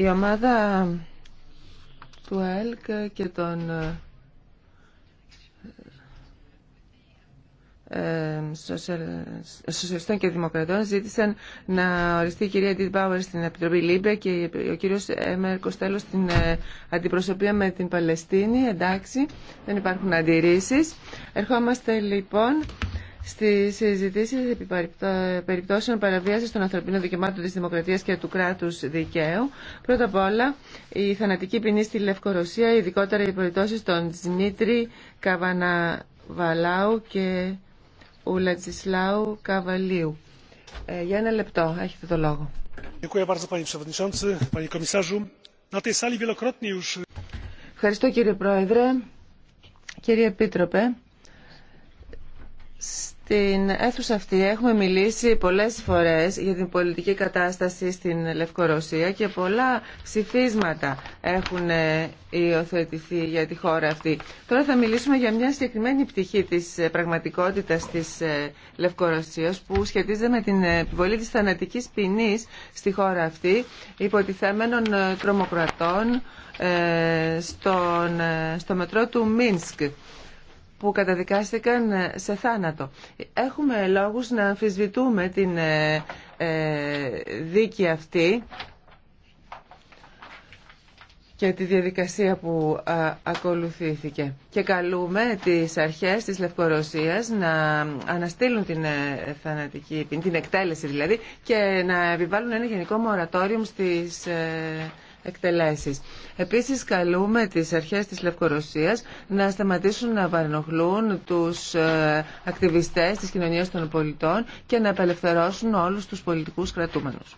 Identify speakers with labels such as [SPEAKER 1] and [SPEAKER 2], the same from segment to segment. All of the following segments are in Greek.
[SPEAKER 1] Η ομάδα του ΑΕΛΚ και των ε, Σοσιαλιστών και Δημοκρατών ζήτησαν να οριστεί η κυρία Ντίτ Μπάουερ στην Επιτροπή Λίμπε και ο κύριος Έμερ Κοστέλο στην ε, αντιπροσωπεία με την Παλαιστίνη. Εντάξει, δεν υπάρχουν αντιρρήσεις. Ερχόμαστε λοιπόν Στι συζητήσει επί περιπτώσεων παραβίαση των ανθρωπίνων δικαιωμάτων τη Δημοκρατία και του κράτου δικαίου, πρώτα απ' όλα η θανατική ποινή στη Λευκορωσία, ειδικότερα οι περιπτώσει των Δημήτρη Καβαναβαλάου και Ουλατσισλάου Καβαλίου. Ε, για ένα λεπτό, έχετε το λόγο. Ευχαριστώ κύριε Πρόεδρε, κύριε Επίτροπε. Στην αίθουσα αυτή έχουμε μιλήσει πολλές φορές για την πολιτική κατάσταση στην Λευκορωσία και πολλά ψηφίσματα έχουν υιοθετηθεί για τη χώρα αυτή. Τώρα θα μιλήσουμε για μια συγκεκριμένη πτυχή της πραγματικότητας της ε, Λευκορωσίας που σχετίζεται με την επιβολή της θανατικής ποινής στη χώρα αυτή υποτιθέμενων ε, τρομοκρατών ε, στο μετρό του Μίνσκ που καταδικάστηκαν ε, σε θάνατο. Έχουμε λόγους να αμφισβητούμε την ε, ε, δίκη αυτή και τη διαδικασία που ακολουθήθηκε. Και καλούμε τις αρχές της Λευκορωσίας να αναστείλουν την θανατική την εκτέλεση δηλαδή, και να επιβάλλουν ένα γενικό μορατόριο στις εκτελέσεις. Επίσης καλούμε τις αρχές της Λευκορωσίας να σταματήσουν να παρενοχλούν τους ε, ακτιβιστές της κοινωνίας των πολιτών και να απελευθερώσουν όλους τους πολιτικούς κρατούμενους.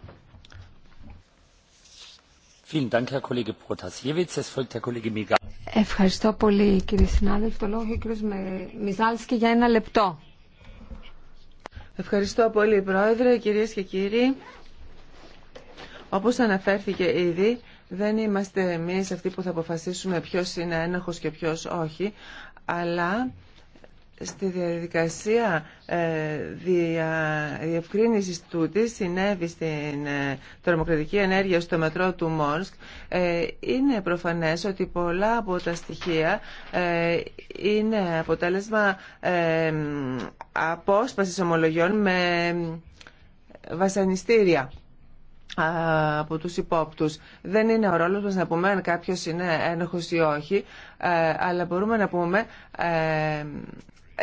[SPEAKER 2] Ευχαριστώ πολύ κύριε συνάδελφε. Το λόγο ο Μιζάλσκι για ένα λεπτό.
[SPEAKER 1] Ευχαριστώ πολύ πρόεδρε, κυρίες και κύριοι. Όπως αναφέρθηκε ήδη, δεν είμαστε εμείς αυτοί που θα αποφασίσουμε ποιος είναι ένοχος και ποιος όχι, αλλά στη διαδικασία ε, διευκρίνησης τούτη συνέβη στην ε, τρομοκρατική ενέργεια στο μετρό του Μόρσκ ε, είναι προφανές ότι πολλά από τα στοιχεία ε, είναι αποτέλεσμα ε, απόσπασης ομολογιών με ε, βασανιστήρια από τους υπόπτους. Δεν είναι ο ρόλος μας να πούμε αν κάποιος είναι ένοχος ή όχι, ε, αλλά μπορούμε να πούμε ε,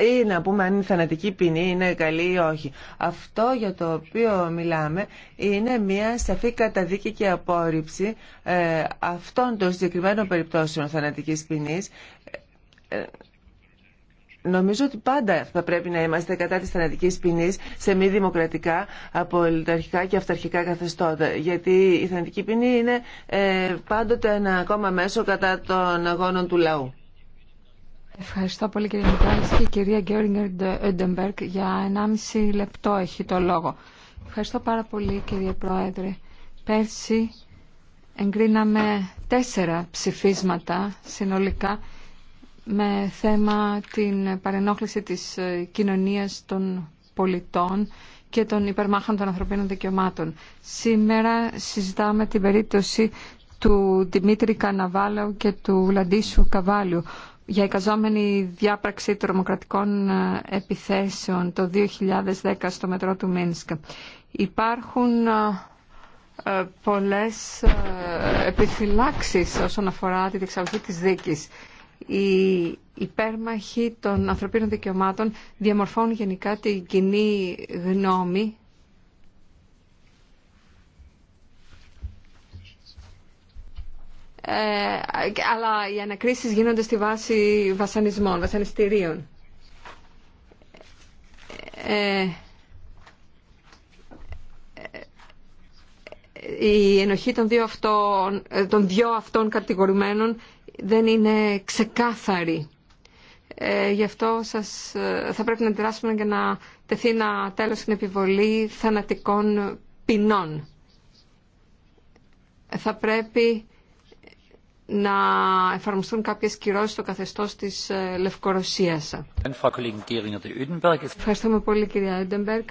[SPEAKER 1] ή να πούμε αν είναι θανατική ποινή, είναι καλή ή όχι. Αυτό για το οποίο μιλάμε είναι μια σαφή καταδίκη και απόρριψη ε, αυτών των συγκεκριμένων περιπτώσεων θανατικής ποινής Νομίζω ότι πάντα θα πρέπει να είμαστε κατά της θανατικής ποινή σε μη δημοκρατικά, απολυταρχικά και αυταρχικά καθεστώτα. Γιατί η θανατική ποινή είναι ε, πάντοτε ένα ακόμα μέσο κατά των αγώνων του λαού.
[SPEAKER 2] Ευχαριστώ πολύ κύριε Μιχάλης η κυρία Γκέριγκερ Εντεμπερκ για 1,5 λεπτό έχει το λόγο. Ευχαριστώ πάρα πολύ κύριε Πρόεδρε. Πέρσι εγκρίναμε τέσσερα ψηφίσματα συνολικά με θέμα την παρενόχληση της ε, κοινωνίας των πολιτών και των υπερμάχων των ανθρωπίνων δικαιωμάτων. Σήμερα συζητάμε την περίπτωση του Δημήτρη Καναβάλαου και του Λαντίσου Καβάλιου για εικαζόμενη διάπραξη τρομοκρατικών ε, επιθέσεων το 2010 στο μετρό του Μίνσκ. Υπάρχουν ε, πολλές επιφυλάξεις όσον αφορά τη διεξαγωγή της δίκης οι υπέρμαχοι των ανθρωπίνων δικαιωμάτων διαμορφώνουν γενικά την κοινή γνώμη Ε, αλλά οι ανακρίσεις γίνονται στη βάση βασανισμών, βασανιστήριων. Ε, ε η ενοχή των δύο, αυτών, των δύο αυτών κατηγορουμένων δεν είναι ξεκάθαρη. Ε, γι' αυτό σας, ε, θα πρέπει να αντιδράσουμε για να τεθεί ένα τέλος στην επιβολή θανατικών ποινών. Θα πρέπει να εφαρμοστούν κάποιες κυρώσεις στο καθεστώς της ε, Λευκορωσίας. Ευχαριστούμε πολύ κυρία Ούντεμπεργκ.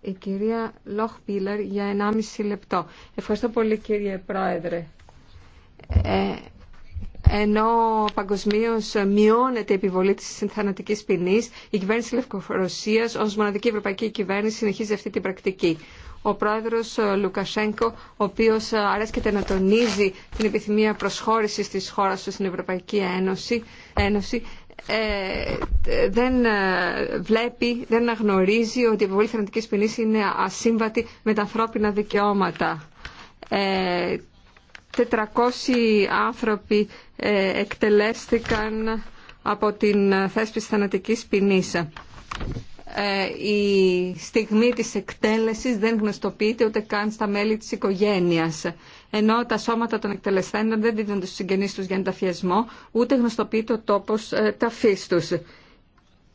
[SPEAKER 2] Η κυρία Λόχ για 1,5 λεπτό. Ευχαριστώ πολύ κύριε Πρόεδρε. Ε, ενώ παγκοσμίω μειώνεται η επιβολή τη θανατική ποινή, η κυβέρνηση Λευκορωσία ω μοναδική ευρωπαϊκή κυβέρνηση συνεχίζει αυτή την πρακτική. Ο πρόεδρος Λουκασέγκο, ο οποίος αρέσκεται να τονίζει την επιθυμία προσχώρησης τη χώρα του στην Ευρωπαϊκή Ένωση, Ένωση ε, δεν βλέπει, δεν αναγνωρίζει ότι η επιβολή θανατική ποινή είναι ασύμβατη με τα ανθρώπινα δικαιώματα. Ε, 400 άνθρωποι ε, εκτελέστηκαν από την θέσπιση θανατικής ποινής. Ε, η στιγμή της εκτέλεσης δεν γνωστοποιείται ούτε καν στα μέλη της οικογένειας. Ενώ τα σώματα των εκτελεσθέντων δεν δίδονται στους συγγενείς τους για ενταφιασμό, ούτε γνωστοποιείται ο τόπος ε, ταφής τους.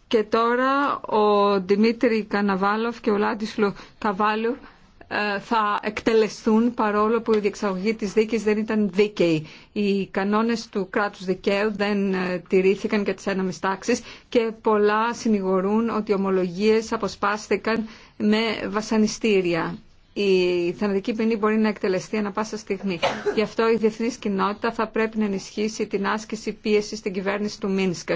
[SPEAKER 2] Και τώρα ο Δημήτρη Καναβάλοφ και ο Λάντισλου Καβάλου θα εκτελεστούν παρόλο που η διεξαγωγή της δίκης δεν ήταν δίκαιη. Οι κανόνες του κράτους δικαίου δεν ε, τηρήθηκαν και τις έναμες τάξεις και πολλά συνηγορούν ότι οι ομολογίες αποσπάστηκαν με βασανιστήρια η θανατική ποινή μπορεί να εκτελεστεί ανα πάσα στιγμή. Γι' αυτό η διεθνή κοινότητα θα πρέπει να ενισχύσει την άσκηση πίεση στην κυβέρνηση του Μίνσκ.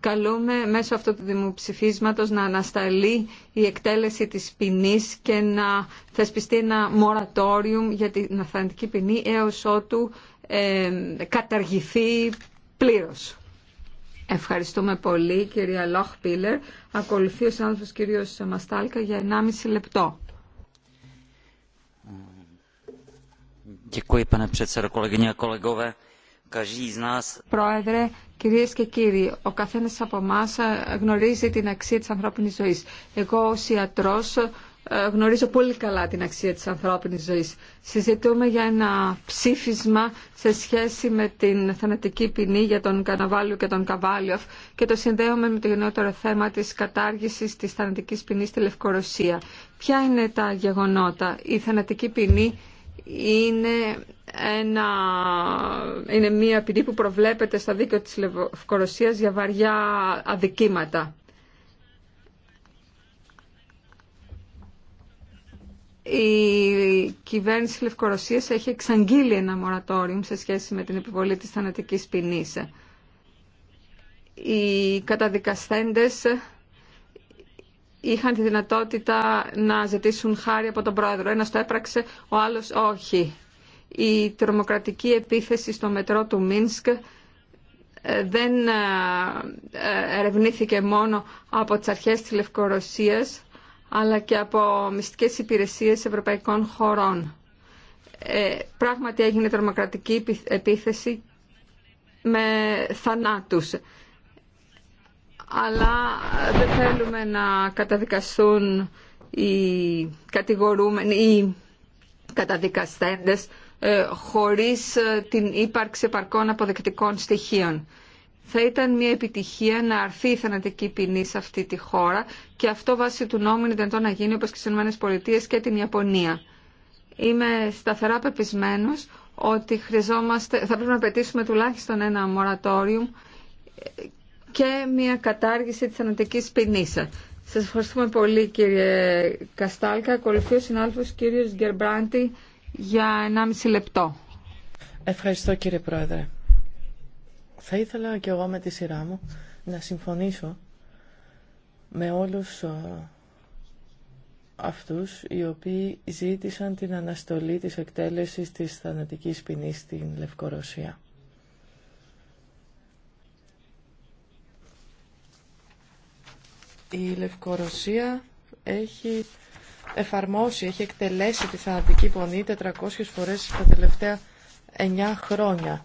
[SPEAKER 2] Καλούμε μέσω αυτού του δημοψηφίσματο να ανασταλεί η εκτέλεση τη ποινή και να θεσπιστεί ένα μορατόριουμ για την θανατική ποινή έω ότου ε, καταργηθεί πλήρω. Ευχαριστούμε πολύ κυρία Λόχ Πίλερ. Ακολουθεί ο άνθρωπο κύριος Μαστάλκα για 1,5 λεπτό. Πρόεδρε, κυρίες και κύριοι, ο καθένας από εμά γνωρίζει την αξία της ανθρώπινης ζωής. Εγώ ως ιατρός γνωρίζω πολύ καλά την αξία της ανθρώπινης ζωής. Συζητούμε για ένα ψήφισμα σε σχέση με την θανατική ποινή για τον Καναβάλιο και τον Καβάλιοφ και το συνδέουμε με το γενναιότερο θέμα τη κατάργησης τη θανατικής ποινή στη Λευκορωσία. Ποια είναι τα γεγονότα. Η θανατική ποινή είναι, ένα, είναι μια ποινή που προβλέπεται στα δίκαιο της Λευκορωσίας για βαριά αδικήματα. Η κυβέρνηση της Λευκορωσίας έχει εξαγγείλει ένα μορατόριο σε σχέση με την επιβολή της θανατικής ποινής. Οι καταδικασθέντες είχαν τη δυνατότητα να ζητήσουν χάρη από τον πρόεδρο. Ένα το έπραξε, ο άλλο όχι. Η τρομοκρατική επίθεση στο μετρό του Μίνσκ ε, δεν ε, ε, ερευνήθηκε μόνο από τις αρχές της Λευκορωσίας, αλλά και από μυστικές υπηρεσίες ευρωπαϊκών χωρών. Ε, πράγματι έγινε τρομοκρατική επίθεση με θανάτους αλλά ε, δεν θέλουμε να καταδικαστούν οι κατηγορούμενοι, οι καταδικαστέντες ε, χωρίς ε, την ύπαρξη επαρκών αποδεκτικών στοιχείων. Θα ήταν μια επιτυχία να αρθεί η θανατική ποινή σε αυτή τη χώρα και αυτό βάσει του νόμου είναι δυνατόν να γίνει όπως και στις ΗΠΑ και την Ιαπωνία. Είμαι σταθερά πεπισμένος ότι χρειαζόμαστε, θα πρέπει να πετήσουμε τουλάχιστον ένα μορατόριο και μια κατάργηση της θανατικής ποινής. Σας ευχαριστούμε πολύ κύριε Καστάλκα. Ακολουθεί ο συνάδελφος κύριος Γκερμπράντη για 1,5 λεπτό. Ευχαριστώ κύριε Πρόεδρε.
[SPEAKER 3] Θα ήθελα και εγώ με τη σειρά μου να συμφωνήσω με όλους αυτούς οι οποίοι ζήτησαν την αναστολή της εκτέλεσης της θανατικής ποινής στην Λευκορωσία. Η Λευκορωσία έχει εφαρμόσει, έχει εκτελέσει τη θανατική πονή 400 φορές τα τελευταία 9 χρόνια.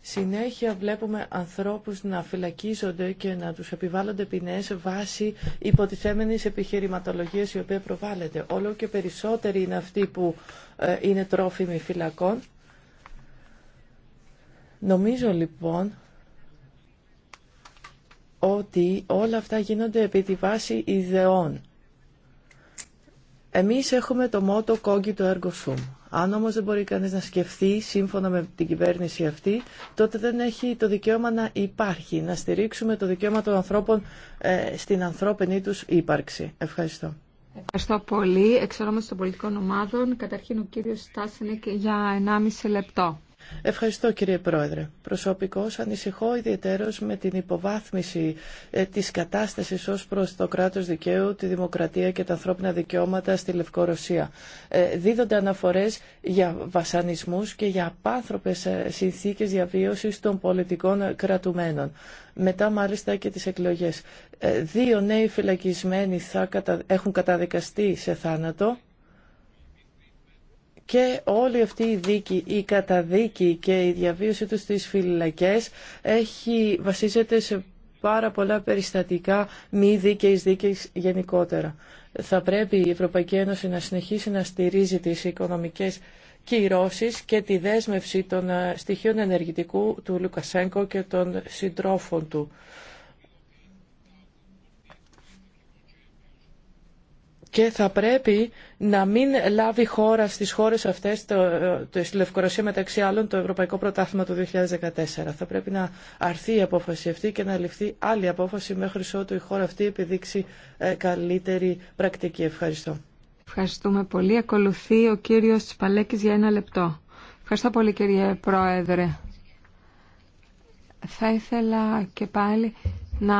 [SPEAKER 3] Συνέχεια βλέπουμε ανθρώπους να φυλακίζονται και να τους επιβάλλονται ποινές βάση υποτιθέμενης επιχειρηματολογίας η οποία προβάλλεται. Όλο και περισσότεροι είναι αυτοί που ε, είναι τρόφιμοι φυλακών. Νομίζω λοιπόν ότι όλα αυτά γίνονται επί τη βάση ιδεών. Εμείς έχουμε το μότο του έργο sum». Αν όμως δεν μπορεί κανείς να σκεφτεί σύμφωνα με την κυβέρνηση αυτή, τότε δεν έχει το δικαίωμα να υπάρχει, να στηρίξουμε το δικαίωμα των ανθρώπων ε, στην ανθρώπινη τους ύπαρξη. Ευχαριστώ.
[SPEAKER 2] Ευχαριστώ πολύ. Εξ των πολιτικών ομάδων, καταρχήν ο κύριος Στάσενεκ για 1,5 λεπτό. Ευχαριστώ κύριε Πρόεδρε. Προσωπικώς
[SPEAKER 3] ανησυχώ ιδιαίτερως με την υποβάθμιση ε, της κατάστασης ως προς το κράτος δικαίου, τη δημοκρατία και τα ανθρώπινα δικαιώματα στη Λευκορωσία. Ε, δίδονται αναφορές για βασανισμούς και για απάνθρωπες ε, συνθήκες διαβίωσης των πολιτικών κρατουμένων. Μετά μάλιστα και τις εκλογές. Δύο νέοι φυλακισμένοι έχουν καταδικαστεί σε θάνατο και όλη αυτή η δίκη, η καταδίκη και η διαβίωση του στις φυλακές έχει, βασίζεται σε πάρα πολλά περιστατικά μη δίκαιης δίκαιης γενικότερα. Θα πρέπει η Ευρωπαϊκή Ένωση να συνεχίσει να στηρίζει τις οικονομικές κυρώσεις και τη δέσμευση των ε, στοιχείων ενεργητικού του Λουκασέγκο και των συντρόφων του. και θα πρέπει να μην λάβει χώρα στις χώρες αυτές, το, το, στη Λευκορωσία μεταξύ άλλων, το Ευρωπαϊκό Πρωτάθλημα του 2014. Θα πρέπει να αρθεί η απόφαση αυτή και να ληφθεί άλλη απόφαση μέχρι ότου η χώρα αυτή επιδείξει ε, καλύτερη πρακτική. Ευχαριστώ.
[SPEAKER 2] Ευχαριστούμε πολύ. Ακολουθεί ο κύριος Τσπαλέκης για ένα λεπτό. Ευχαριστώ πολύ κύριε Πρόεδρε. Θα ήθελα και πάλι να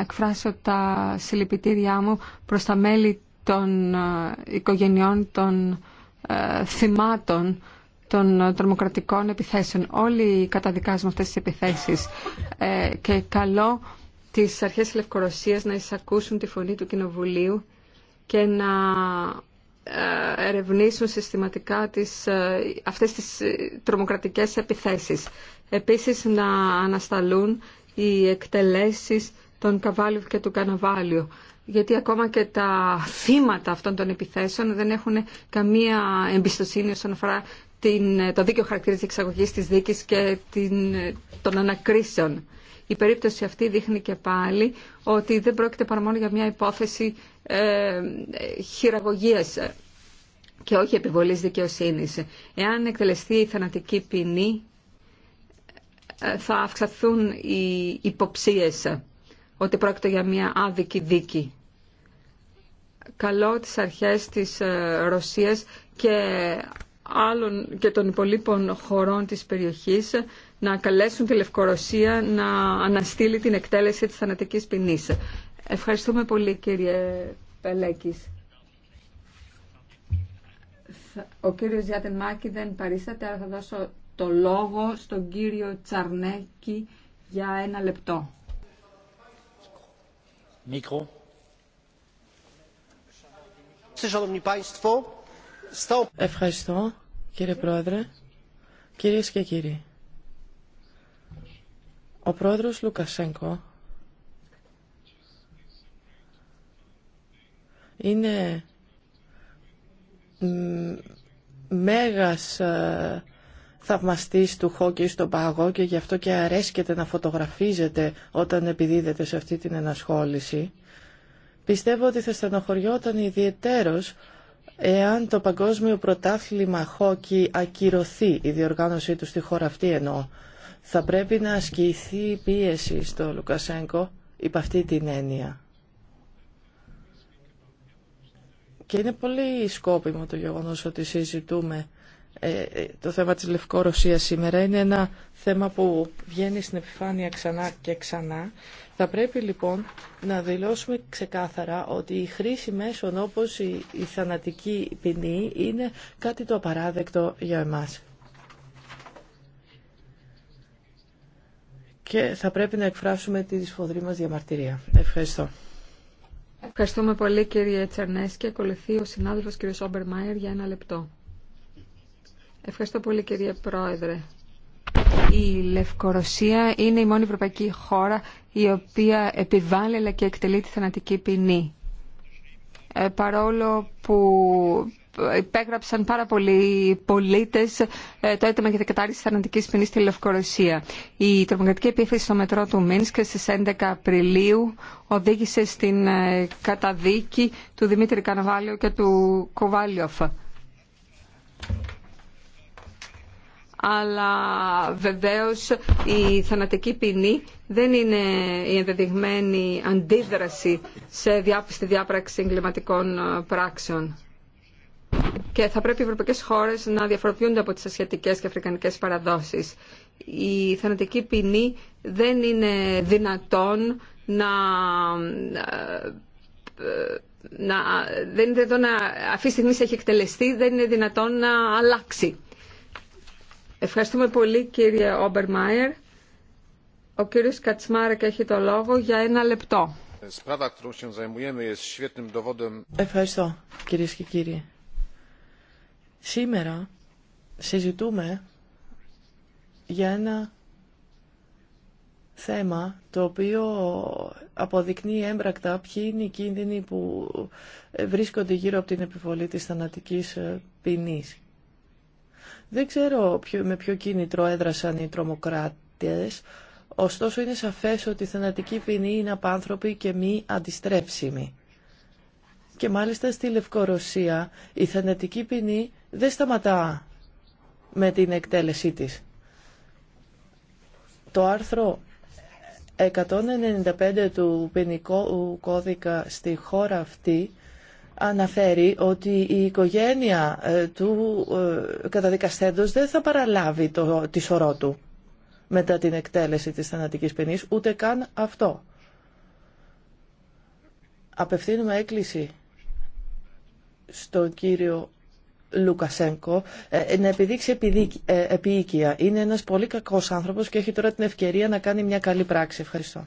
[SPEAKER 2] εκφράσω τα συλληπιτήριά μου προς τα μέλη των ε, οικογενειών των ε, θυμάτων των ε, τρομοκρατικών επιθέσεων. Όλοι καταδικάζουμε αυτές τις επιθέσεις και καλό τις αρχές της Λευκορωσίας να εισακούσουν τη φωνή του Κοινοβουλίου και να ερευνήσουν συστηματικά τις, αυτές τις τρομοκρατικές επιθέσεις. Επίσης να ανασταλούν οι εκτελέσεις των Καβάλιου και του Καναβάλιου γιατί ακόμα και τα θύματα αυτών των επιθέσεων δεν έχουν καμία εμπιστοσύνη όσον αφορά την, το δίκαιο χαρακτήρα της εξαγωγής της δίκης και την, των ανακρίσεων. Η περίπτωση αυτή δείχνει και πάλι ότι δεν πρόκειται παρά μόνο για μια υπόθεση ε, χειραγωγίας και όχι επιβολής δικαιοσύνης. Εάν εκτελεστεί η θανατική ποινή, ε, θα αυξαθούν οι υποψίες ότι πρόκειται για μια άδικη δίκη. Καλό τις αρχές της ε, Ρωσίας και, άλλων, και των υπολείπων χωρών της περιοχής να καλέσουν τη Λευκορωσία να αναστείλει την εκτέλεση της θανατικής ποινής. Ευχαριστούμε πολύ κύριε Πελέκης. Ο κύριος Ζιάτεμάκη δεν παρίσταται, αλλά θα δώσω το λόγο στον κύριο Τσαρνέκη για ένα λεπτό. Μικρό. Ευχαριστώ
[SPEAKER 3] κύριε Πρόεδρε, κυρίες και κύριοι. Ο πρόεδρος Λουκασέγκο είναι μέγας ε, θαυμαστής του χόκκι στον πάγο και γι' αυτό και αρέσκεται να φωτογραφίζεται όταν επιδίδεται σε αυτή την ενασχόληση. Πιστεύω ότι θα στενοχωριόταν ιδιαιτέρως εάν το παγκόσμιο πρωτάθλημα χόκι ακυρωθεί η διοργάνωσή του στη χώρα αυτή ενώ Θα πρέπει να ασκηθεί πίεση στο Λουκασέγκο υπ' αυτή την έννοια. Και είναι πολύ σκόπιμο το γεγονός ότι συζητούμε ε, ε, το θέμα της Λευκορωσίας σήμερα είναι ένα θέμα που βγαίνει στην επιφάνεια ξανά και ξανά. Θα πρέπει λοιπόν να δηλώσουμε ξεκάθαρα ότι η χρήση μέσων όπως η, θανατική ποινή είναι κάτι το απαράδεκτο για εμάς. Και θα πρέπει να εκφράσουμε τη δυσφοδρή μας διαμαρτυρία. Ευχαριστώ.
[SPEAKER 2] Ευχαριστούμε πολύ κύριε Τσαρνέσκη. Ακολουθεί ο συνάδελφος κύριος Όμπερ Μάιερ για ένα λεπτό. Ευχαριστώ πολύ κυρία Πρόεδρε. Η Λευκορωσία είναι η μόνη ευρωπαϊκή χώρα η οποία επιβάλλει αλλά και εκτελεί τη θανατική ποινή. Ε, παρόλο που υπέγραψαν πάρα πολλοί πολίτες ε, το έτοιμο για την κατάρριση θανατικής ποινής στη Λευκορωσία. Η τρομοκρατική επίθεση στο μετρό του Μίνσκ στις 11 Απριλίου οδήγησε στην ε, καταδίκη του Δημήτρη Καναβάλιο και του Κοβάλιοφ αλλά βεβαίως η θανατική ποινή δεν είναι η ενδεδειγμένη αντίδραση σε στη διάπραξη εγκληματικών ε, πράξεων. Και θα πρέπει οι ευρωπαϊκές χώρες να διαφοροποιούνται από τις ασιατικές και αφρικανικές παραδόσεις. Η θανατική ποινή δεν είναι δυνατόν να ε, ε, να, δεν είναι δυνατόν να, αυτή τη στιγμή έχει εκτελεστεί, δεν είναι δυνατόν να αλλάξει. Ευχαριστούμε πολύ κύριε Όμπερ Μάιερ. Ο κύριος Κατσμάρεκ έχει το λόγο για ένα λεπτό. Ευχαριστώ κυρίε και κύριοι. Σήμερα
[SPEAKER 3] συζητούμε για ένα θέμα το οποίο αποδεικνύει έμπρακτα ποιοι είναι οι κίνδυνοι που βρίσκονται γύρω από την επιβολή της θανατικής ποινής. Δεν ξέρω με ποιο κίνητρο έδρασαν οι τρομοκράτες, ωστόσο είναι σαφές ότι η θανατική ποινή είναι απάνθρωπη και μη αντιστρέψιμη. Και μάλιστα στη Λευκορωσία η θανατική ποινή δεν σταματά με την εκτέλεσή της. Το άρθρο 195 του ποινικού κώδικα στη χώρα αυτή αναφέρει ότι η οικογένεια ε, του ε, καταδικαστέντος δεν θα παραλάβει το, τη σωρό του μετά την εκτέλεση της θανατικής ποινής, ούτε καν αυτό. Απευθύνουμε έκκληση στον κύριο Λουκασένκο ε, να επιδείξει επίοικια. Είναι ένας πολύ κακός άνθρωπος και έχει τώρα την ευκαιρία να κάνει μια καλή πράξη. Ευχαριστώ.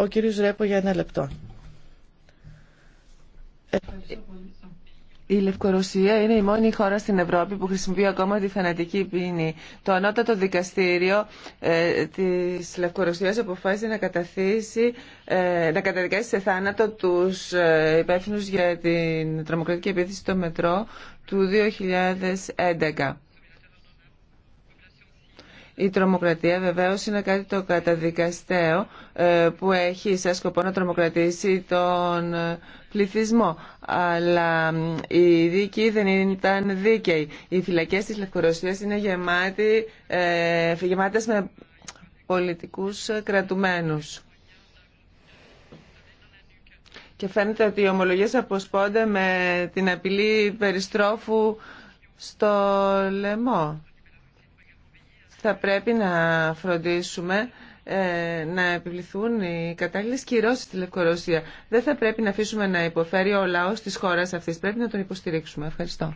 [SPEAKER 1] Ο κύριος Ρέπο για ένα λεπτό. Η Λευκορωσία είναι η μόνη χώρα στην Ευρώπη που χρησιμοποιεί ακόμα τη θανατική πίνη. Το ανώτατο δικαστήριο ε, της Λευκορωσίας αποφάσισε να, καταθήσει, ε, να καταδικάσει σε θάνατο τους ε, υπεύθυνους για την τρομοκρατική επίθεση στο μετρό του 2011. Η τρομοκρατία βεβαίω είναι κάτι το καταδικαστέο ε, που έχει σαν σκοπό να τρομοκρατήσει τον ε, πληθυσμό. Αλλά η δίκη δεν ήταν δίκαιη. Οι φυλακέ της Λευκορωσία είναι γεμάτη, ε, γεμάτες με πολιτικούς κρατουμένους. Και φαίνεται ότι οι ομολογίες αποσπώνται με την απειλή περιστρόφου στο λαιμό θα πρέπει να φροντίσουμε ε, να επιβληθούν οι κατάλληλε κυρώσει στη Λευκορωσία. Δεν θα πρέπει να αφήσουμε να υποφέρει ο λαό τη χώρα αυτή. Πρέπει να τον υποστηρίξουμε. Ευχαριστώ.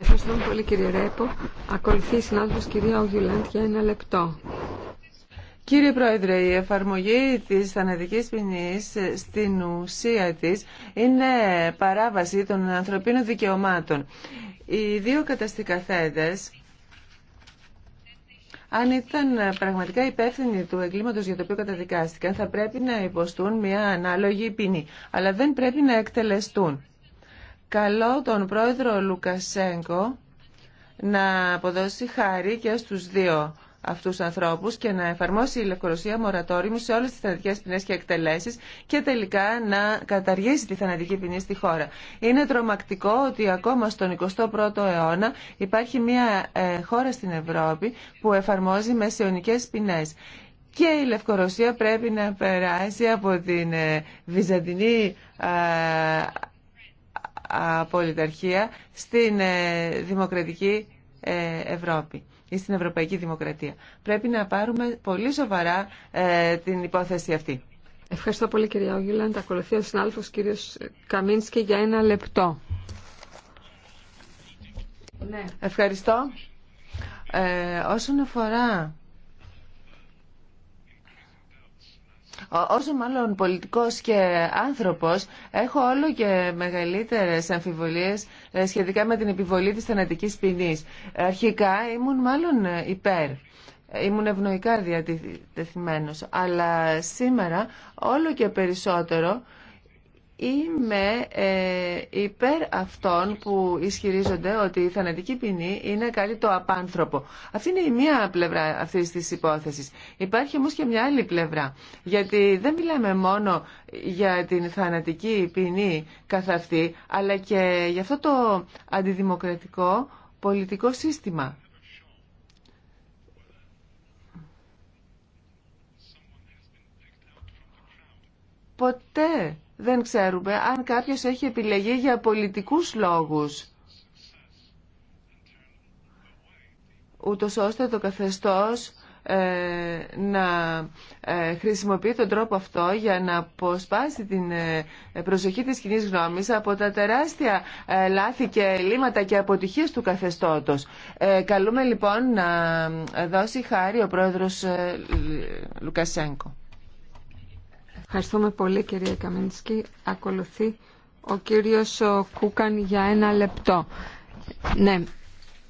[SPEAKER 2] Ευχαριστώ πολύ κύριε Ρέπο. Ακολουθεί η συνάδελφος κυρία Ογιουλάντ για ένα λεπτό.
[SPEAKER 1] Κύριε Πρόεδρε, η εφαρμογή της θανατικής ποινής στην ουσία της είναι παράβαση των ανθρωπίνων δικαιωμάτων. Οι δύο καταστικαθέντες αν ήταν πραγματικά υπεύθυνοι του εγκλήματος για το οποίο καταδικάστηκαν, θα πρέπει να υποστούν μια ανάλογη ποινή. Αλλά δεν πρέπει να εκτελεστούν. Καλό τον πρόεδρο Λουκασέγκο να αποδώσει χάρη και στους δύο αυτού του ανθρώπου και να εφαρμόσει η Λευκορωσία μορατόριμου σε όλε τι θανατικέ ποινέ και εκτελέσει και τελικά να καταργήσει τη θανατική ποινή στη χώρα. Είναι τρομακτικό ότι ακόμα στον 21ο αιώνα υπάρχει μια ε, χώρα στην Ευρώπη που εφαρμόζει μεσαιωνικέ ποινέ. Και η Λευκορωσία πρέπει να περάσει από την ε, βυζαντινή ε, πολιταρχία στην δημοκρατική Ευρώπη ή στην Ευρωπαϊκή Δημοκρατία. Πρέπει να πάρουμε πολύ σοβαρά ε, την υπόθεση αυτή.
[SPEAKER 2] Ευχαριστώ πολύ κυρία Ογγίλαντ. Ακολουθεί ο συνάδελφος κύριος Καμίνσκι για ένα λεπτό. Ναι.
[SPEAKER 1] Ευχαριστώ. Ε, όσον αφορά Όσο μάλλον πολιτικός και άνθρωπος, έχω όλο και μεγαλύτερες αμφιβολίες ε, σχετικά με την επιβολή της θανατικής ποινής. Αρχικά ήμουν μάλλον ε, υπέρ. Ήμουν ευνοϊκά διατεθειμένος. Αλλά σήμερα όλο και περισσότερο Είμαι ε, υπέρ αυτών που ισχυρίζονται ότι η θανατική ποινή είναι κάτι το απάνθρωπο. Αυτή είναι η μία πλευρά αυτή τη υπόθεση. Υπάρχει όμω και μια άλλη πλευρά. Γιατί δεν μιλάμε μόνο για την θανατική ποινή καθ' αυτή, αλλά και για αυτό το αντιδημοκρατικό πολιτικό σύστημα. Ποτέ δεν ξέρουμε αν κάποιος έχει επιλεγεί για πολιτικούς λόγους. Ούτως ώστε το καθεστώς ε, να ε, χρησιμοποιεί τον τρόπο αυτό για να αποσπάσει την ε, προσοχή της κοινή γνώμης από τα τεράστια λάθη και λύματα και αποτυχίες του καθεστώτος. καλούμε λοιπόν να δώσει χάρη ο πρόεδρος Λουκασέγκο.
[SPEAKER 2] Ευχαριστούμε πολύ κυρία Καμίνσκι. Ακολουθεί ο κύριος Κούκαν για ένα λεπτό. Ναι,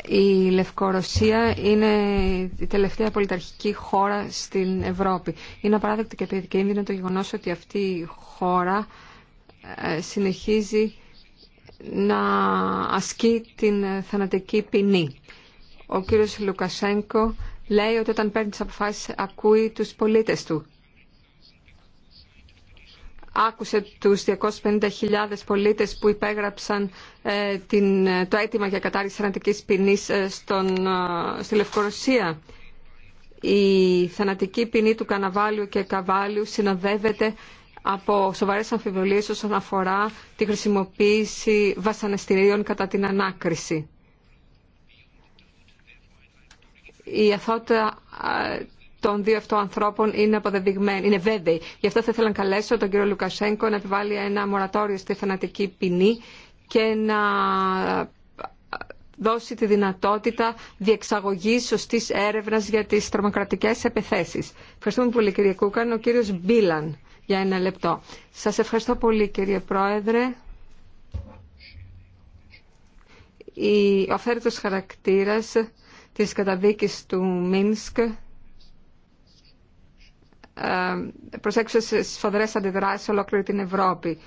[SPEAKER 2] η Λευκορωσία είναι η τελευταία πολιταρχική χώρα στην Ευρώπη. Είναι απαράδεκτο και επικίνδυνο το γεγονός ότι αυτή η χώρα ε, συνεχίζει να ασκεί την θανατική ποινή. Ο κύριος Λουκασένκο λέει ότι όταν παίρνει τις αποφάσεις ακούει τους πολίτες του άκουσε τους 250.000 πολίτες που υπέγραψαν ε, την, ε, το αίτημα για κατάργηση θανατικής ποινής ε, στον, στη Λευκορωσία. Η θανατική ποινή του Καναβάλιου και Καβάλιου συνοδεύεται από σοβαρές αμφιβολίες όσον αφορά τη χρησιμοποίηση βασανιστήριων κατά την ανάκριση. Η αθότητα των δύο αυτών ανθρώπων είναι αποδεδειγμένοι, είναι βέβαιοι. Γι' αυτό θα ήθελα να καλέσω τον κύριο Λουκασέγκο να επιβάλλει ένα μορατόριο στη θανατική ποινή και να δώσει τη δυνατότητα διεξαγωγής σωστής έρευνας για τις τρομοκρατικές επιθέσεις. Ευχαριστούμε πολύ κύριε Κούκαν. Ο κύριος Μπίλαν για ένα λεπτό. Σας ευχαριστώ πολύ κύριε Πρόεδρε. Ο αφαίρετος χαρακτήρας της καταδίκης του Μίνσκ ε, προσέξω στις σφοδρές αντιδράσεις ολόκληρη την Ευρώπη.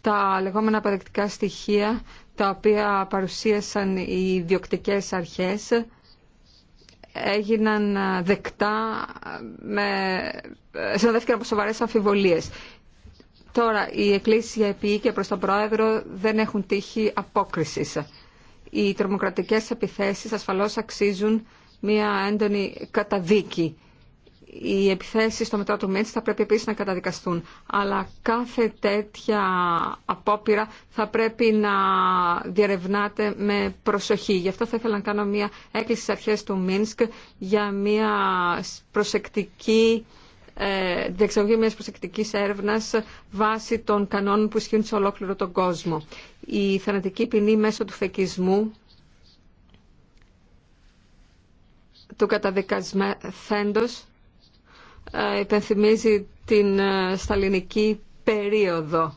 [SPEAKER 2] Τα λεγόμενα παρεκτικά στοιχεία τα οποία παρουσίασαν οι ιδιοκτικές αρχές έγιναν ε, δεκτά ε, με, συνοδεύτηκαν από σοβαρέ αμφιβολίες. Τώρα, οι εκκλήσεις για ΕΠΗ και προς τον Πρόεδρο δεν έχουν τύχει απόκρισης. Οι τρομοκρατικές επιθέσεις ασφαλώς αξίζουν μια έντονη καταδίκη οι επιθέσει στο μετά του θα πρέπει επίση να καταδικαστούν. Αλλά κάθε τέτοια απόπειρα θα πρέπει να διερευνάται με προσοχή. Γι' αυτό θα ήθελα να κάνω μια έκκληση στι αρχές του Μίνσκ για μια προσεκτική ε, διεξαγωγή μιας προσεκτικής έρευνας βάσει των κανόνων που ισχύουν σε ολόκληρο τον κόσμο. Η θανατική ποινή μέσω του φεκισμού του καταδικασμένου υπενθυμίζει την σταλινική περίοδο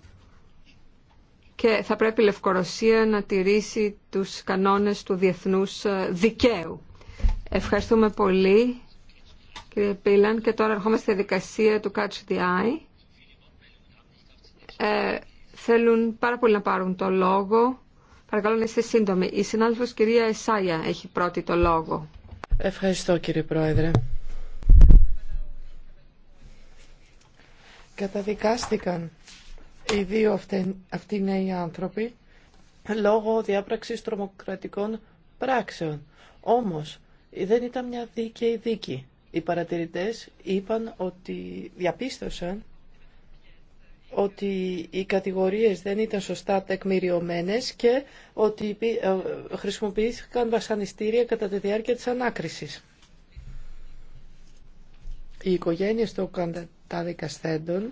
[SPEAKER 2] και θα πρέπει η Λευκορωσία να τηρήσει τους κανόνες του διεθνούς δικαίου. Ευχαριστούμε πολύ κύριε Πίλαν και τώρα ερχόμαστε στη δικασία του Catch the ε, θέλουν πάρα πολύ να πάρουν το λόγο. Παρακαλώ να είστε σύντομοι. Η συνάδελφος κυρία Εσάγια έχει πρώτη το λόγο.
[SPEAKER 3] Ευχαριστώ κύριε Πρόεδρε. καταδικάστηκαν οι δύο αυτοί, οι νέοι άνθρωποι λόγω διάπραξης τρομοκρατικών πράξεων. Όμως δεν ήταν μια δίκαιη δίκη. Οι παρατηρητές είπαν ότι διαπίστωσαν ότι οι κατηγορίες δεν ήταν σωστά τεκμηριωμένες και ότι ε, ε, χρησιμοποιήθηκαν βασανιστήρια κατά τη διάρκεια της ανάκρισης. Οι οικογένειες των καταδικασθέντων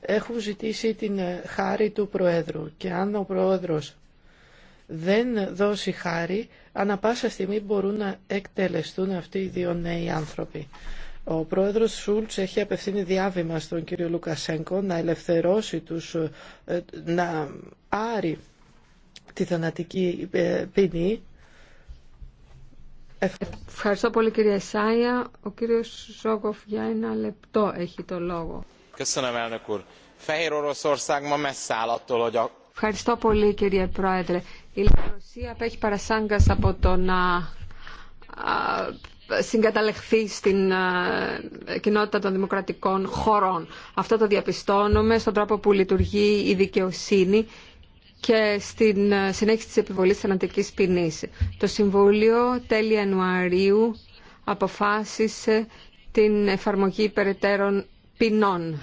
[SPEAKER 3] έχουν ζητήσει την ε, χάρη του Προέδρου και αν ο Πρόεδρος δεν δώσει χάρη, ανά πάσα στιγμή μπορούν να εκτελεστούν αυτοί οι δύο νέοι άνθρωποι. Ο πρόεδρος Σούλτς έχει απευθύνει διάβημα στον κύριο Λουκασέγκο να ελευθερώσει τους, ε, ε,
[SPEAKER 2] να άρει τη θανατική ποινή Ευχαριστώ πολύ κύριε Σάια. Ο κύριος Ζόγκοφ για ένα λεπτό έχει το λόγο. Ευχαριστώ πολύ κύριε Πρόεδρε. Η Ρωσία απέχει παρασάγκας από το να συγκαταλεχθεί στην κοινότητα των δημοκρατικών χωρών. Αυτό το διαπιστώνουμε στον τρόπο που λειτουργεί η δικαιοσύνη και στην ε, συνέχιση της επιβολής θανατικής ποινής. Το Συμβούλιο τέλη Ιανουαρίου αποφάσισε την εφαρμογή περαιτέρων ποινών.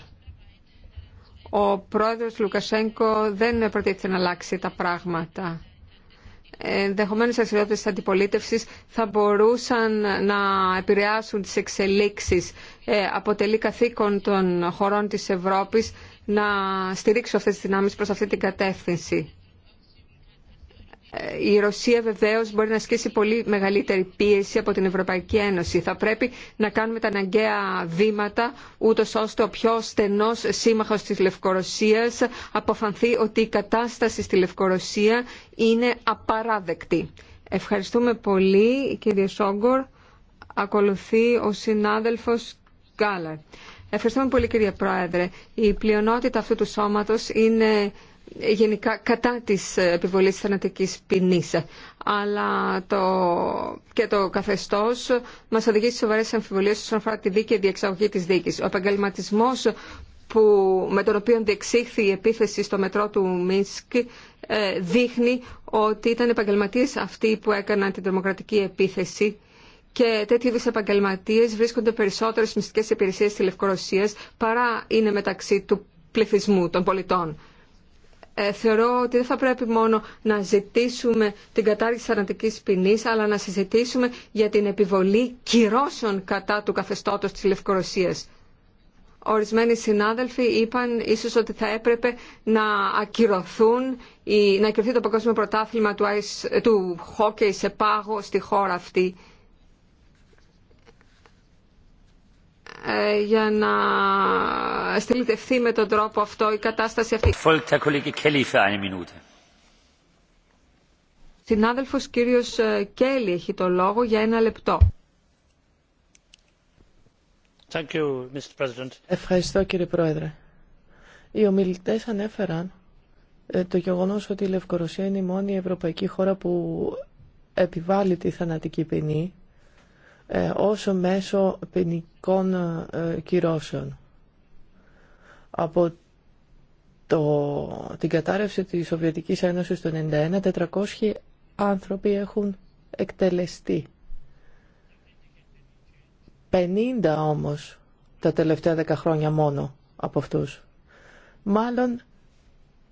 [SPEAKER 2] Ο πρόεδρος Λουκασέγκο δεν προτίθεται να αλλάξει τα πράγματα. Ενδεχομένως αξιότητες της αντιπολίτευσης θα μπορούσαν να επηρεάσουν τις εξελίξεις. Ε, αποτελεί καθήκον των χωρών της Ευρώπης να στηρίξω αυτές τις δυνάμεις προς αυτή την κατεύθυνση. Ε, η Ρωσία βεβαίως μπορεί να ασκήσει πολύ μεγαλύτερη πίεση από την Ευρωπαϊκή Ένωση. Θα πρέπει να κάνουμε τα αναγκαία βήματα, ούτω ώστε ο πιο στενός σύμμαχος της Λευκορωσίας αποφανθεί ότι η κατάσταση στη Λευκορωσία είναι απαράδεκτη. Ευχαριστούμε πολύ κύριε Σόγκορ. Ακολουθεί ο συνάδελφος Γκάλαρ. Ευχαριστούμε πολύ κύριε Πρόεδρε. Η πλειονότητα αυτού του σώματος είναι γενικά κατά της επιβολής θανατικής ποινής. Αλλά το... και το καθεστώς μας οδηγεί σε σοβαρές αμφιβολίες όσον αφορά τη δίκαιη διεξαγωγή της δίκης. Ο επαγγελματισμό που, με τον οποίο διεξήχθη η επίθεση στο μετρό του Μίνσκ ε, δείχνει ότι ήταν επαγγελματίες αυτοί που έκαναν την τρομοκρατική επίθεση και τέτοιου είδου επαγγελματίε βρίσκονται περισσότερο στι μυστικέ υπηρεσίε τη Λευκορωσία παρά είναι μεταξύ του πληθυσμού των πολιτών. Ε, θεωρώ ότι δεν θα πρέπει μόνο να ζητήσουμε την κατάργηση θανατικής ποινή, αλλά να συζητήσουμε για την επιβολή κυρώσεων κατά του καθεστώτος της Λευκορωσίας. Ορισμένοι συνάδελφοι είπαν ίσως ότι θα έπρεπε να ακυρωθούν να ακυρωθεί το παγκόσμιο πρωτάθλημα του, του χόκεϊ σε πάγο στη χώρα αυτή. Ε, για να στείλετε με τον τρόπο αυτό η κατάσταση αυτή. Συνάδελφος κύριος ε, Κέλλη έχει το λόγο για ένα λεπτό.
[SPEAKER 3] Ευχαριστώ κύριε Πρόεδρε. Οι ομιλητές ανέφεραν ε, το γεγονός ότι η Λευκορωσία είναι η μόνη ευρωπαϊκή χώρα που επιβάλλει τη θανατική ποινή όσο ε, μέσω ποινικών ε, κυρώσεων. Από το, την κατάρρευση της Σοβιετικής Ένωσης το 1991, 400 άνθρωποι έχουν εκτελεστεί. 50 όμως τα τελευταία 10 χρόνια μόνο από αυτούς. Μάλλον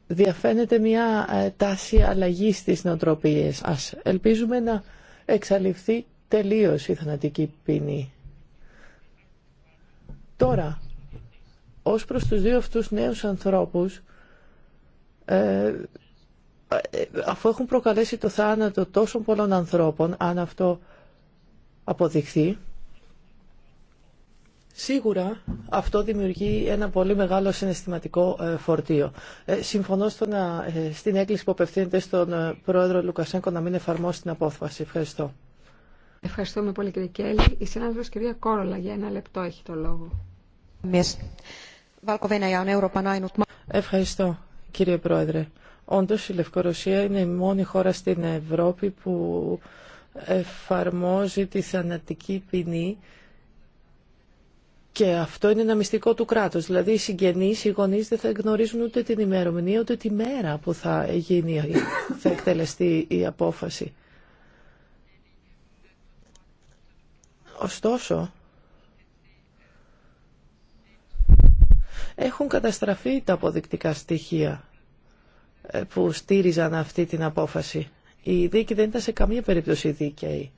[SPEAKER 3] διαφαίνεται μια ε, τάση αλλαγής στις νοοτροπίες. Ας ελπίζουμε να εξαλειφθεί τελείως η θανατική ποινή. Τώρα, ως προς τους δύο αυτούς νέους ανθρώπους, ε, αφού έχουν προκαλέσει το θάνατο τόσων πολλών ανθρώπων, αν αυτό αποδειχθεί, Σίγουρα αυτό δημιουργεί ένα πολύ μεγάλο συναισθηματικό ε, φορτίο. Ε, συμφωνώ στο στην έκκληση που απευθύνεται στον πρόεδρο Λουκασέγκο να μην εφαρμόσει την απόφαση. Ευχαριστώ.
[SPEAKER 2] Ευχαριστούμε πολύ κύριε Κέλλη. Η συνάδελφος κυρία Κόρολα για ένα λεπτό έχει το λόγο.
[SPEAKER 3] Ευχαριστώ κύριε Πρόεδρε. Όντως η Λευκορωσία είναι η μόνη χώρα στην Ευρώπη που εφαρμόζει τη θανατική ποινή και αυτό είναι ένα μυστικό του κράτους. Δηλαδή οι συγγενείς, οι γονείς δεν θα γνωρίζουν ούτε την ημερομηνία ούτε τη μέρα που θα, γίνει, θα εκτελεστεί η απόφαση. Ωστόσο, έχουν καταστραφεί τα αποδεικτικά στοιχεία ε, που στήριζαν αυτή την απόφαση. Η δίκη δεν ήταν σε καμία περίπτωση δίκαιη.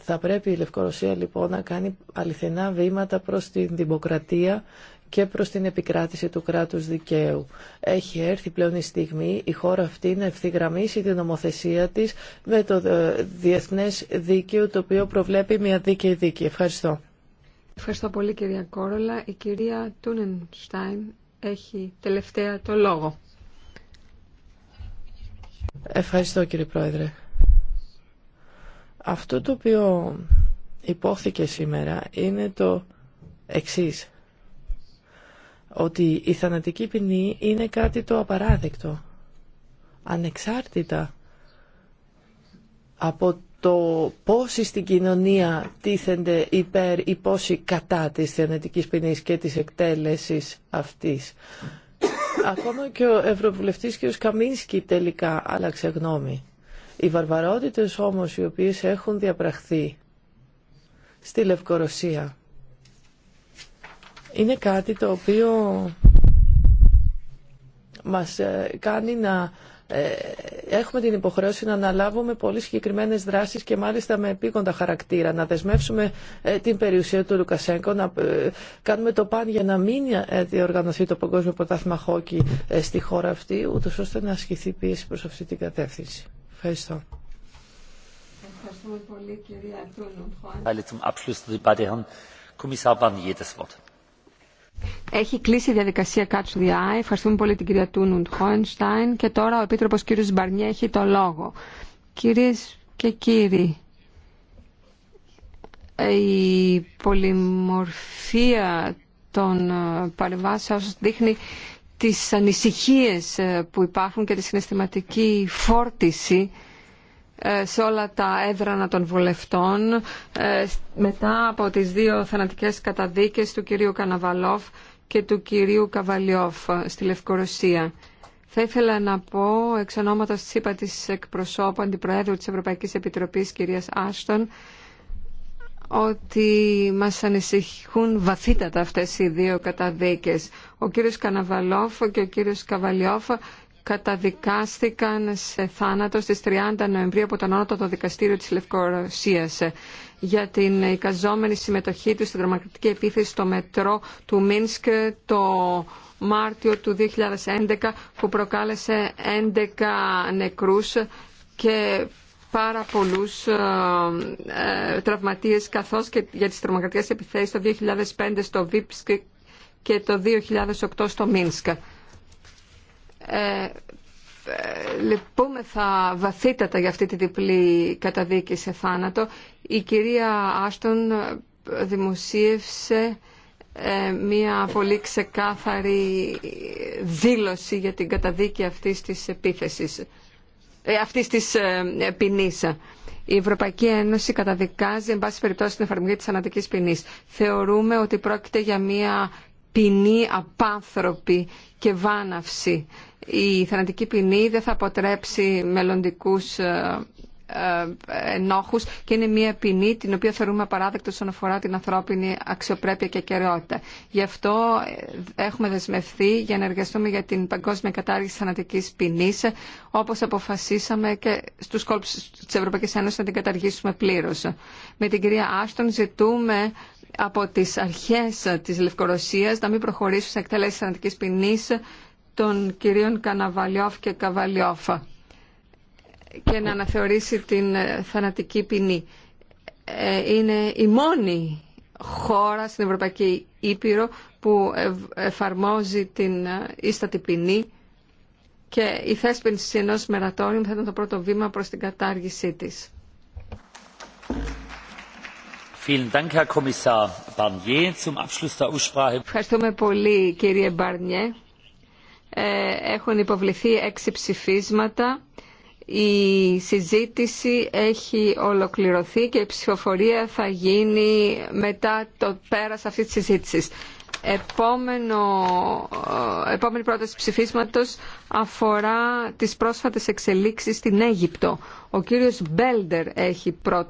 [SPEAKER 3] Θα πρέπει η Λευκορωσία λοιπόν να κάνει αληθινά βήματα προς την δημοκρατία, και προς την επικράτηση του κράτους δικαίου. Έχει έρθει πλέον η στιγμή η χώρα αυτή να ευθυγραμμίσει την νομοθεσία της με το ε, διεθνές δίκαιο το οποίο προβλέπει μια δίκαιη δίκη. Ευχαριστώ.
[SPEAKER 2] Ευχαριστώ πολύ κυρία Κόρολα. Η κυρία Τούνενστάιν έχει τελευταία το λόγο.
[SPEAKER 3] Ευχαριστώ κύριε Πρόεδρε. Αυτό το οποίο υπόθηκε σήμερα είναι το εξής ότι η θανατική ποινή είναι κάτι το απαράδεκτο, ανεξάρτητα από το πόσοι στην κοινωνία τίθενται υπέρ ή πόσοι κατά της θανατικής ποινής και της εκτέλεσης αυτής. Ακόμα και ο Ευρωβουλευτής ο Καμίνσκι τελικά άλλαξε γνώμη. Οι βαρβαρότητες όμως οι οποίες έχουν διαπραχθεί στη Λευκορωσία είναι κάτι το οποίο μας ε, κάνει να ε, έχουμε την υποχρέωση να αναλάβουμε πολύ συγκεκριμένες δράσεις και μάλιστα με επίγοντα χαρακτήρα. Να δεσμεύσουμε ε, την περιουσία του Λουκασέγκο, να κάνουμε το παν για να μην διοργανωθεί το Παγκόσμιο Πρωτάθλημα Χόκι στη χώρα αυτή, ούτω ώστε να ασκηθεί πίεση προς αυτή την κατεύθυνση. Ευχαριστώ.
[SPEAKER 2] Ευχαριστούμε πολύ, κυρία έχει κλείσει η διαδικασία Catch the Eye. Ευχαριστούμε πολύ την κυρία Τούνουντ Χόενστάιν. Και τώρα ο επίτροπο κύριο Μπαρνιέ έχει το λόγο. Κυρίε και κύριοι, η πολυμορφία των ε, παρεμβάσεων δείχνει τις ανησυχίες ε, που υπάρχουν και τη συναισθηματική φόρτιση ε, σε όλα τα έδρανα των βουλευτών ε, μετά από τις δύο θανατικές καταδίκες του κυρίου Καναβαλόφ και του κυρίου Καβαλιόφ ε, στη Λευκορωσία. Θα ήθελα να πω εξ ονόματος της είπα της εκπροσώπου αντιπροέδρου της Ευρωπαϊκής Επιτροπής κυρίας Άστον ότι μας ανησυχούν βαθύτατα αυτές οι δύο καταδίκες. Ο κύριος Καναβαλόφ και ο κύριος Καβαλιόφ καταδικάστηκαν σε θάνατο στις 30 Νοεμβρίου από τον Ανώτατο Δικαστήριο της Λευκορωσίας για την εικαζόμενη συμμετοχή του στην τρομακτική επίθεση στο μετρό του Μίνσκ το Μάρτιο του 2011 που προκάλεσε 11 νεκρούς και πάρα πολλούς ε, ε, τραυματίες καθώς και για τις τρομοκρατικές επιθέσεις το 2005 στο Βίπσκ και το 2008 στο Μίνσκ. Ε, ε, λυπούμεθα βαθύτατα για αυτή τη διπλή καταδίκη σε θάνατο. Η κυρία Άστον ε, δημοσίευσε ε, μία πολύ ξεκάθαρη δήλωση για την καταδίκη αυτής της επίθεσης, αυτής της ποινής. Η Ευρωπαϊκή Ένωση καταδικάζει, εν πάση περιπτώσει, την εφαρμογή της ανατικής ποινής. Θεωρούμε ότι πρόκειται για μία ποινή απάνθρωπη και βάναυση η θανατική ποινή δεν θα αποτρέψει μελλοντικούς ε, ε, ενόχους και είναι μια ποινή την οποία θεωρούμε απαράδεκτο όσον αφορά την ανθρώπινη αξιοπρέπεια και κεραιότητα. Γι' αυτό ε, έχουμε δεσμευθεί για να εργαστούμε για την παγκόσμια κατάργηση θανατικής ποινή, όπω αποφασίσαμε και στου κόλπου τη Ευρωπαϊκή Ένωση να την καταργήσουμε πλήρω. Με την κυρία Άστον ζητούμε από τι αρχέ τη Λευκορωσίας να μην προχωρήσουν σε εκτέλεση θανατική ποινή των κυρίων Καναβαλιόφ και Καβαλιόφα και να αναθεωρήσει την ε, θανατική ποινή. Ε, είναι η μόνη χώρα στην Ευρωπαϊκή Ήπειρο που εφαρμόζει την ε, ίστατη ποινή και η θέσπιση ενό μερατόριου θα ήταν το πρώτο βήμα προς την κατάργησή της. Ευχαριστούμε πολύ κύριε Μπαρνιέ. Ε, έχουν υποβληθεί έξι ψηφίσματα. Η συζήτηση έχει ολοκληρωθεί και η ψηφοφορία θα γίνει μετά το πέρας αυτής της συζήτησης. Επόμενο, ε, επόμενη πρόταση ψηφίσματος αφορά τις πρόσφατες εξελίξεις στην Αίγυπτο. Ο κύριος Μπέλντερ έχει πρώτο